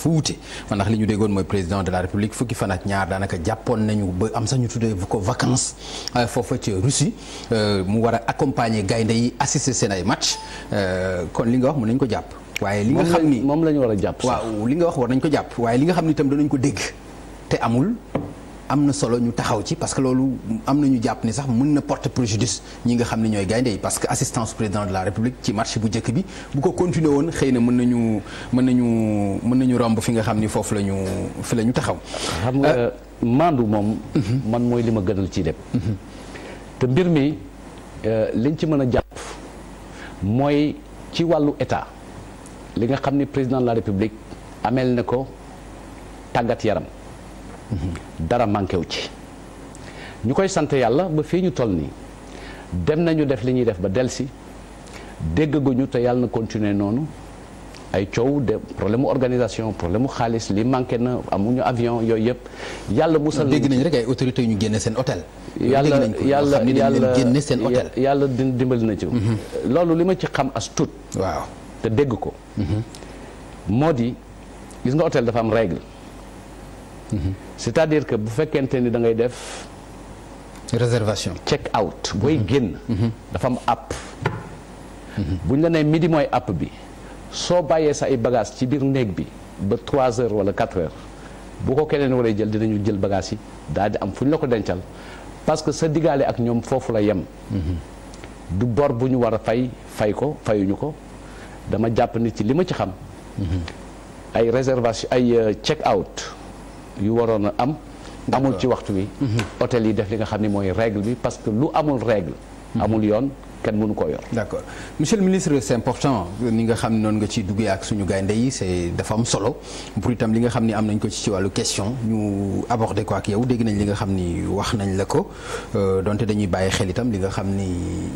dafa wuute ndax li ñu déggoon mooy président de la république fukki fan ak ñaar daanaka jàppoon nañu ba am sax ñu tuddee ko vacances euh, foofa ci Russie euh, mu war a accompagner gaynde yi assister seen ay match euh, kon li nga wax mën nañ ko jàpp. waaye li nga xam ni moom la ñu war a jàpp. waaw li nga wax nañ ko jàpp waaye li nga xam ni itam danañ ko dégg te amul. am na solo ñu taxaw ci parce que loolu am na ñu jàpp ni sax mën na porter préjudice ñi nga xam ne ñooy gaynde yi parce que assistance président de la république ci match bu njëkk bi bu ko continuer woon xëy na mën nañu mën nañu mën nañu romb fi nga xam ni foofu lañu fi la ñu taxaw. xam nga euh, maandu moom. Mhm. man mooy li ma gënal ci lépp. Mhm. te mbir mi euh, liñ ci mën a jàpp mooy ci wàllu état li nga xam ni président de la république ameel na ko tàggat yaram. dara manqué wu ci ñu koy sant yàlla ba fii ñu toll nii dem nañu def li ñuy def ba delsi ñu te yàlla na continuer noonu ay coow de problème mu organisation problème mu xaalis li manqué na amuñu avion yooyu yëpp yàlla musal dégg nañ rek ay autorités yu ñu génne seen hôtel yàlla yàlla yàlla génne seen hôtel yàlla dimbali na ci mhm. loolu li ma ci xam as tuut waaw te dégg ko mhm. moo di gis nga hôtel dafa am règle cest a dire que bu fekkente ni dangay ngay def. réservation check out. booy mhm. génn. Mhm. dafa am app. Mhm. buñ la nee midi app bi soo bàyyee sa ay bagages ci biir néeg bi ba 3 heures wala 4 heures bu ko keneen waree jël dinañu jël bagages yi daal di am fu ñu la ko dencal parce que sa digaale ak ñoom foofu la yem. du bor bu ñu war a fay fay ko fayuñu ko dama jàpp ni ci li ma ci xam. ay réservation ay euh, check out. yu waroon a am amul ci waxtu wi mhm. hôtel yi def li nga xam ne mooy règle bi parce que lu amul règle mhm. amul yoon kenn mënu koo yor. d'accord monsieur le ministre c'est important ni nga xam ne noonu nga ciy duggee ak suñu gaynde yi c'est dafa am solo pour itam li nga xam ni am nañ ko ci ci wàllu question ñu aborder ko ak yow dégg nañ li nga xam ni wax nañ la ko euh, donte dañuy bàyyi xel itam li nga xam ni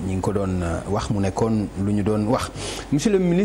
ñu ngi ko doon euh, wax mu nekkoon lu ñu doon wax monsieur le ministre.